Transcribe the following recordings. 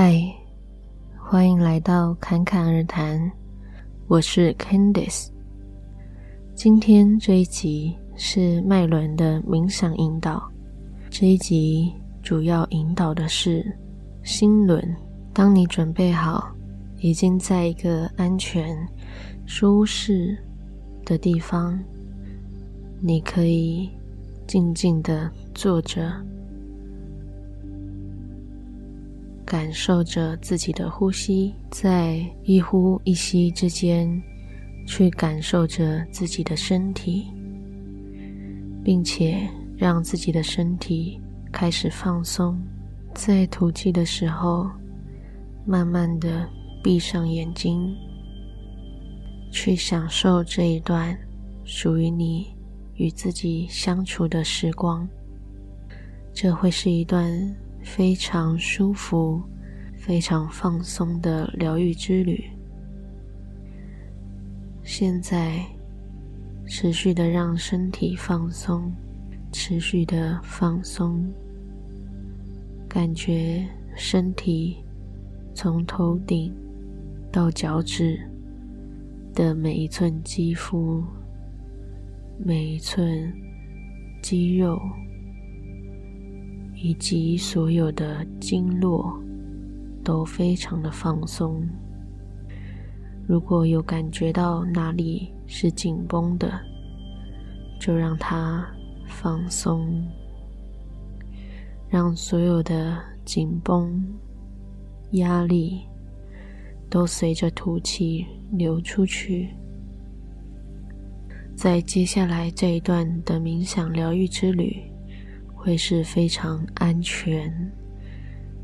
嗨，Hi, 歡迎來到侃侃而談，我是 Candice。今天這一集是脈輪的冥想引導。這一集主要引導的是心輪。當你準備好，已經在一個安全、舒適的地方，你可以靜靜地坐着。感受着自己的呼吸，在一呼一吸之間，去感受着自己的身體，並且讓自己的身體開始放鬆。在吐氣的時候，慢慢地閉上眼睛，去享受這一段屬於你與自己相處的時光。這會是一段，非常舒服、非常放鬆的療癒之旅。現在持續的讓身體放鬆，持續的放鬆，感覺身體從頭頂到腳趾的每一寸肌膚、每一寸肌肉。以及所有的經絡都非常的放鬆。如果有感覺到哪裡是緊繃的，就讓它放鬆，讓所有的緊繃、壓力都隨着吐氣流出去。在接下來這一段的冥想療癒之旅。會是非常安全、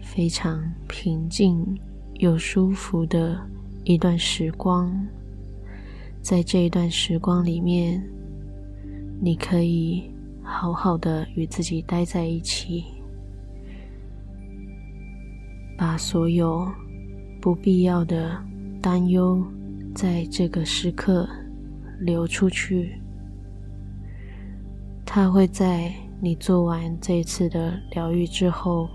非常平靜又舒服的一段時光，在這一段時光裡面，你可以好好的與自己待在一起，把所有不必要的擔憂在這個時刻留出去，它會在。你做完這一次的療癒之後，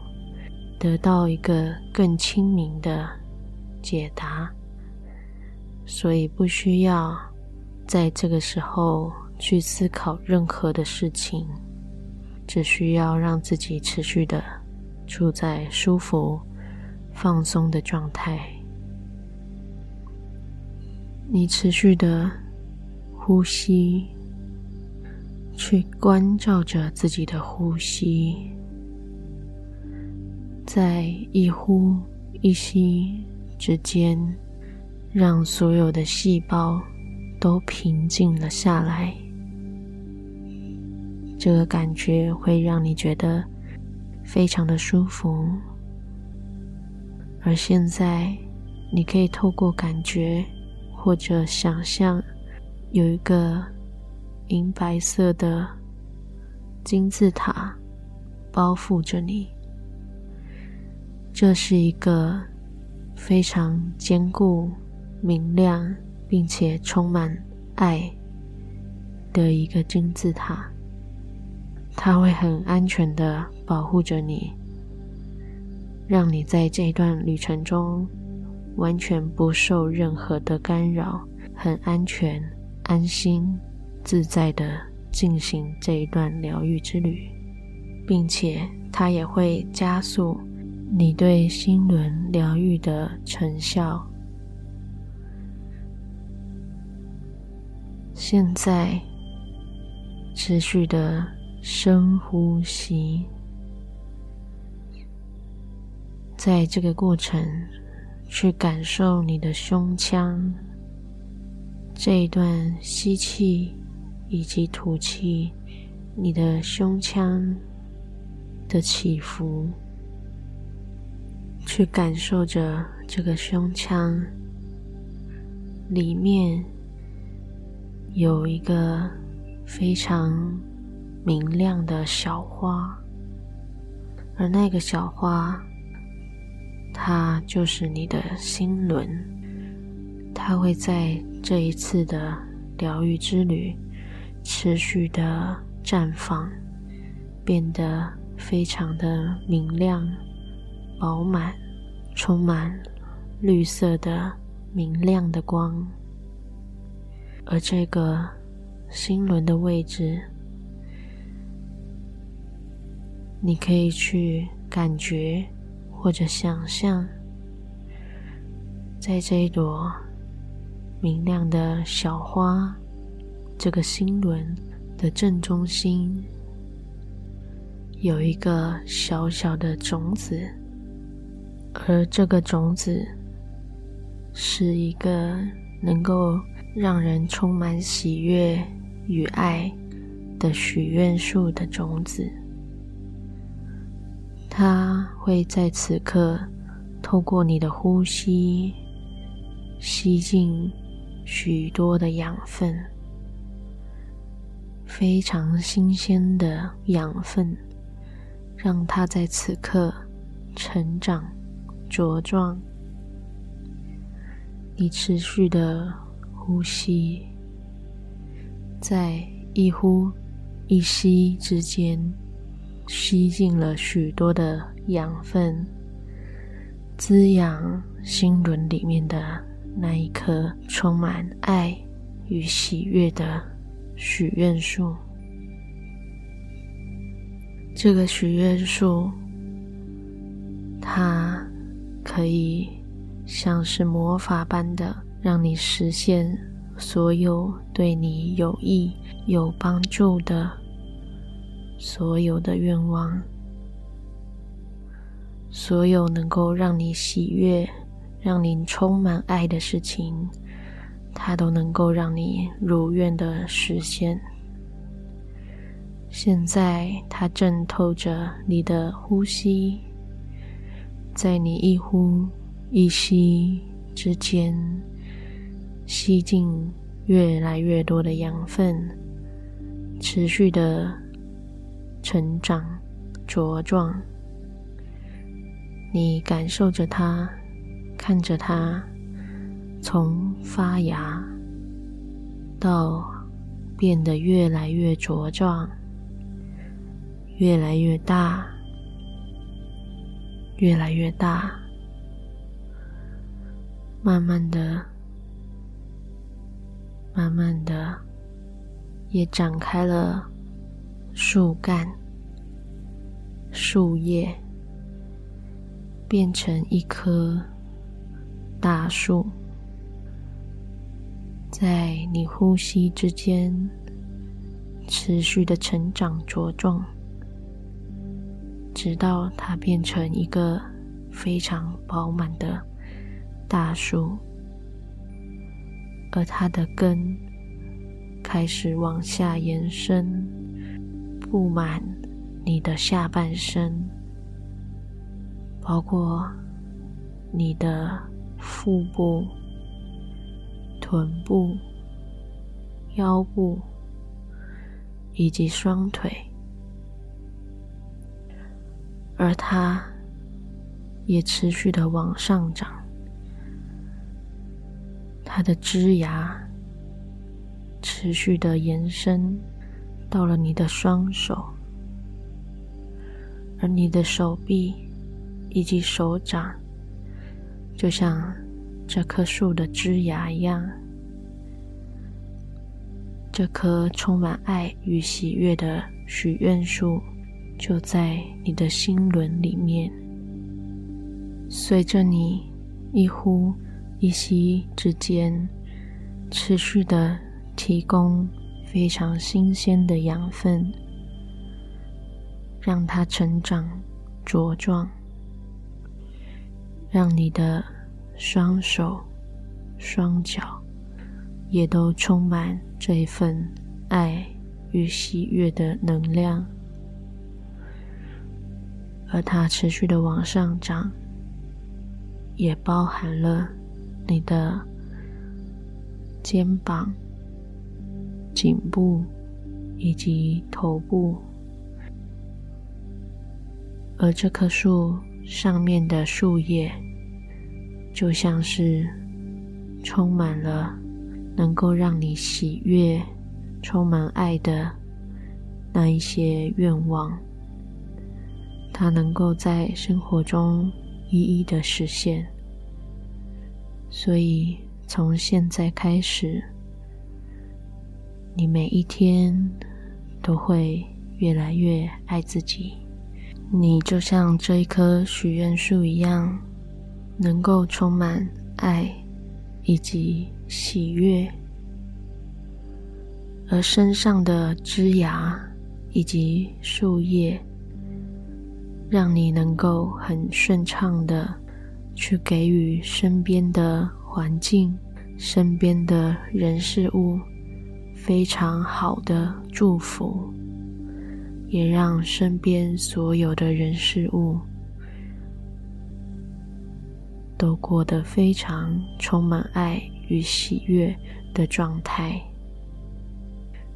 得到一個更清明的解答，所以不需要在這個時候去思考任何的事情，只需要讓自己持續的處在舒服、放鬆的狀態，你持續的呼吸。去關照着自己的呼吸，在一呼一吸之間，讓所有的細胞都平靜了下來。這個感覺會讓你覺得非常的舒服。而現在，你可以透過感覺或者想象有一個銀白色的金字塔包覆着你，這是一個非常堅固、明亮，並且充滿愛的一個金字塔。它會很安全的保護着你，讓你在這段旅程中完全不受任何的干擾，很安全、安心。自在的進行這一段療癒之旅，並且它也會加速你對心輪療癒的成效。現在持續的深呼吸，在這個過程去感受你的胸腔，這一段吸氣，以及吐氣，你的胸腔，的起伏，去感受着這個胸腔裡面有一個非常明亮的小花，而那個小花，它就是你的心輪，它會在這一次的療癒之旅，持續的綻放，變得非常的明亮、飽滿、充滿綠色的明亮的光。而這個心輪的位置，你可以去感覺或者想象，在這一朵明亮的小花，這個心輪的正中心有一個小小的種子，而這個種子是一個能夠讓人充滿喜悅與愛的許願樹的種子。它會在此刻透過你的呼吸吸進許多的養分。非常新鮮的養分，讓它在此刻成長茁壯。你持續的呼吸，在一呼一吸之間，吸進了許多的養分，滋養心輪裡面的那一顆充滿愛與喜悅的。許願樹，這個許願樹，它可以像是魔法般的，讓你實現所有對你有益、有幫助的所有的願望，所有能夠讓你喜悅、讓你充滿愛的事情。它都能夠讓你如願的實現。現在，它正透着你的呼吸，在你一呼一吸之間，吸進越來越多的養分，持續的成長茁壯。你感受着它，看着它。從發芽到變得越來越茁壯，越來越大，越來越大，慢慢的、慢慢的，也展開了樹幹、樹葉，變成一棵大樹。在你呼吸之間，持續的成長茁壯，直到它變成一個非常飽滿的大樹，而它的根開始往下延伸，布滿你的下半身，包括你的腹部。臀部、腰部以及雙腿，而它也持續的往上長，它的枝芽持續的延伸到了你的雙手，而你的手臂以及手掌，就像這棵樹的枝芽一樣。這棵充滿愛與喜悅的許願樹，就在你的心輪裡面，隨着你一呼一吸之間，持續的提供非常新鮮的養分，讓它成長茁壯，讓你的雙手、雙腳。也都充滿這一份愛與喜悅的能量，而它持續地往上長，也包含了你的肩膀、頸部以及頭部，而這棵樹上面的樹葉，就像是充滿了。能夠讓你喜悅、充滿愛的那一些願望，它能夠在生活中一一的實現。所以，從現在開始，你每一天都會越來越愛自己。你就像這一棵許願樹一樣，能夠充滿愛，以及。喜悅，而身上的枝芽，以及樹葉，讓你能夠很順暢的去給予身邊的環境、身邊的人事物非常好的祝福，也讓身邊所有的人事物都過得非常充滿愛。與喜悅的狀態，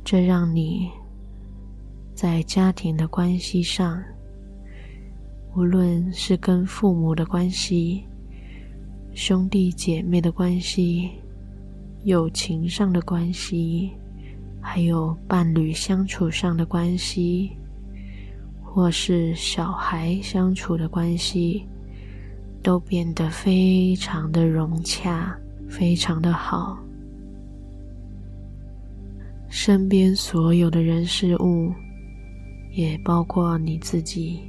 這讓你在家庭的關係上，無論是跟父母的關係、兄弟姐妹的關係、友情上的關係，還有伴侶相處上的關係，或是小孩相處的關係，都變得非常的融洽。非常的好，身邊所有的人事物，也包括你自己，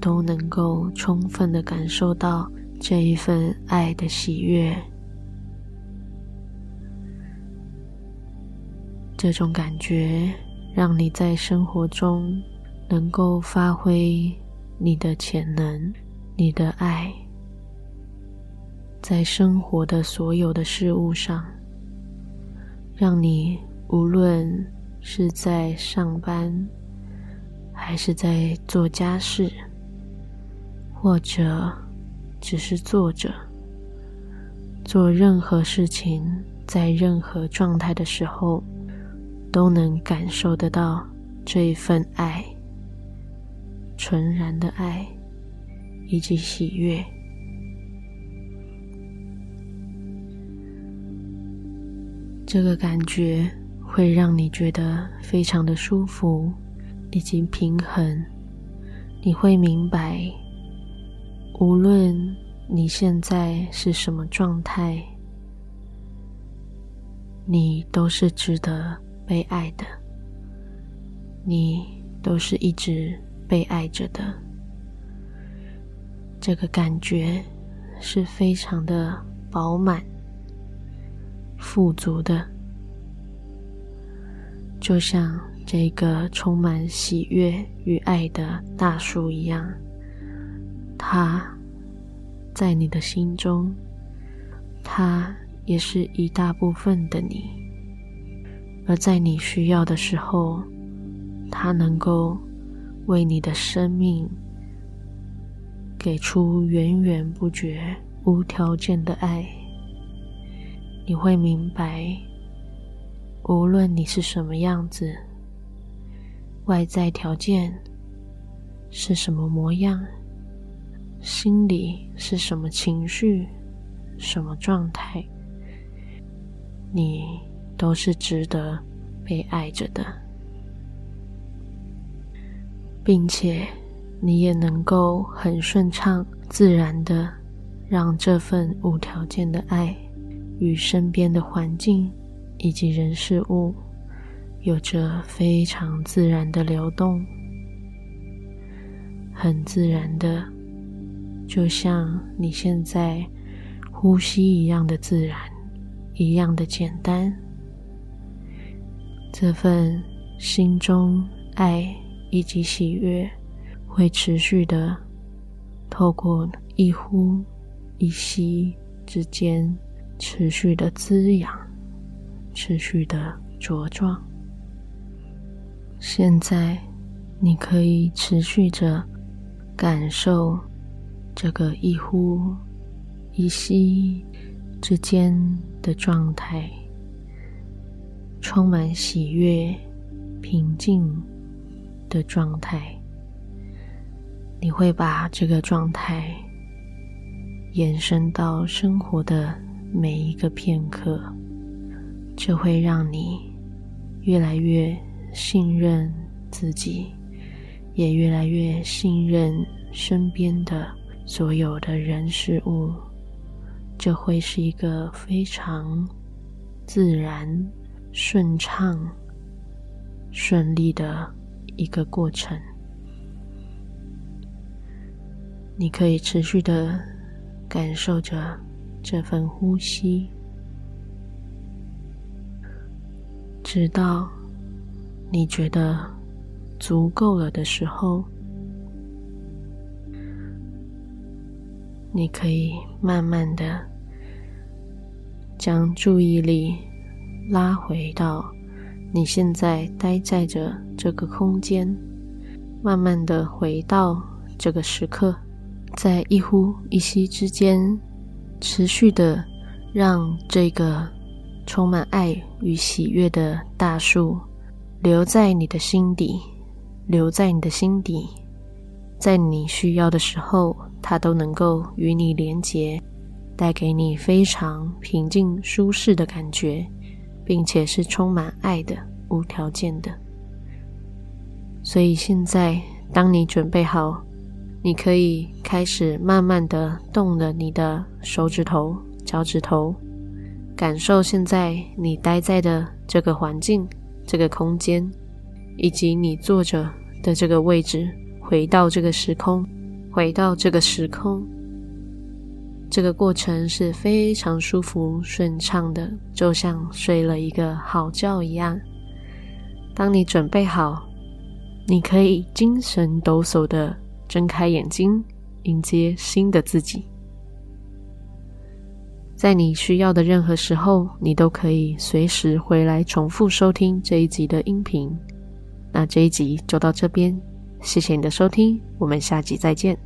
都能夠充分的感受到這一份愛的喜悅。這種感覺讓你在生活中能夠發揮你的潛能，你的愛。在生活的所有的事物上，讓你無論是在上班，還是在做家事，或者只是坐着，做任何事情，在任何狀態的時候，都能感受得到這一份愛、純然的愛以及喜悅。這個感覺會讓你覺得非常的舒服，以及平衡。你會明白，無論你現在是什麼狀態，你都是值得被愛的。你都是一直被愛着的。這個感覺是非常的飽滿。富足的，就像這個充滿喜悅與愛的大樹一樣，它在你的心中，它也是一大部分的你，而在你需要的時候，它能夠為你的生命給出源源不絕、無條件的愛。你會明白，無論你是什麼樣子，外在條件是什麼模樣，心裡是什麼情緒、什麼狀態，你都是值得被愛着的。並且你也能夠很順暢、自然地讓這份無條件的愛。與身邊的環境以及人事物，有着非常自然的流動，很自然的，就像你現在呼吸一樣的自然，一樣的簡單。這份心中愛以及喜悅，會持續的透過一呼一吸之間。持續的滋養，持續的茁壯。現在，你可以持續着感受這個一呼一吸之間的狀態，充滿喜悅、平靜的狀態。你會把這個狀態延伸到生活的每一個片刻，就會讓你越來越信任自己，也越來越信任身邊的所有的人事物。這會是一個非常自然、順暢、順利的一個過程。你可以持續的感受着。這份呼吸，直到你覺得足夠了的時候，你可以慢慢的將注意力拉回到你現在待在着這個空間，慢慢的回到這個時刻，在一呼一吸之間。持續的讓這個充滿愛與喜悅的大樹留在你的心底，留在你的心底，在你需要的時候，它都能夠與你連接，帶給你非常平靜、舒適的感覺，並且是充滿愛的、無條件的。所以現在，當你準備好。你可以開始慢慢地動了你的手指頭、腳趾頭，感受現在你待在的這個環境、這個空間，以及你坐着的這個位置。回到這個時空，回到這個時空，這個過程是非常舒服、順暢的，就像睡了一個好覺一樣。當你準備好，你可以精神抖擻的。睜開眼睛，迎接新的自己。在你需要的任何時候，你都可以隨時回來重複收聽這一集的音頻。那這一集就到這邊，謝謝你的收聽，我們下集再見。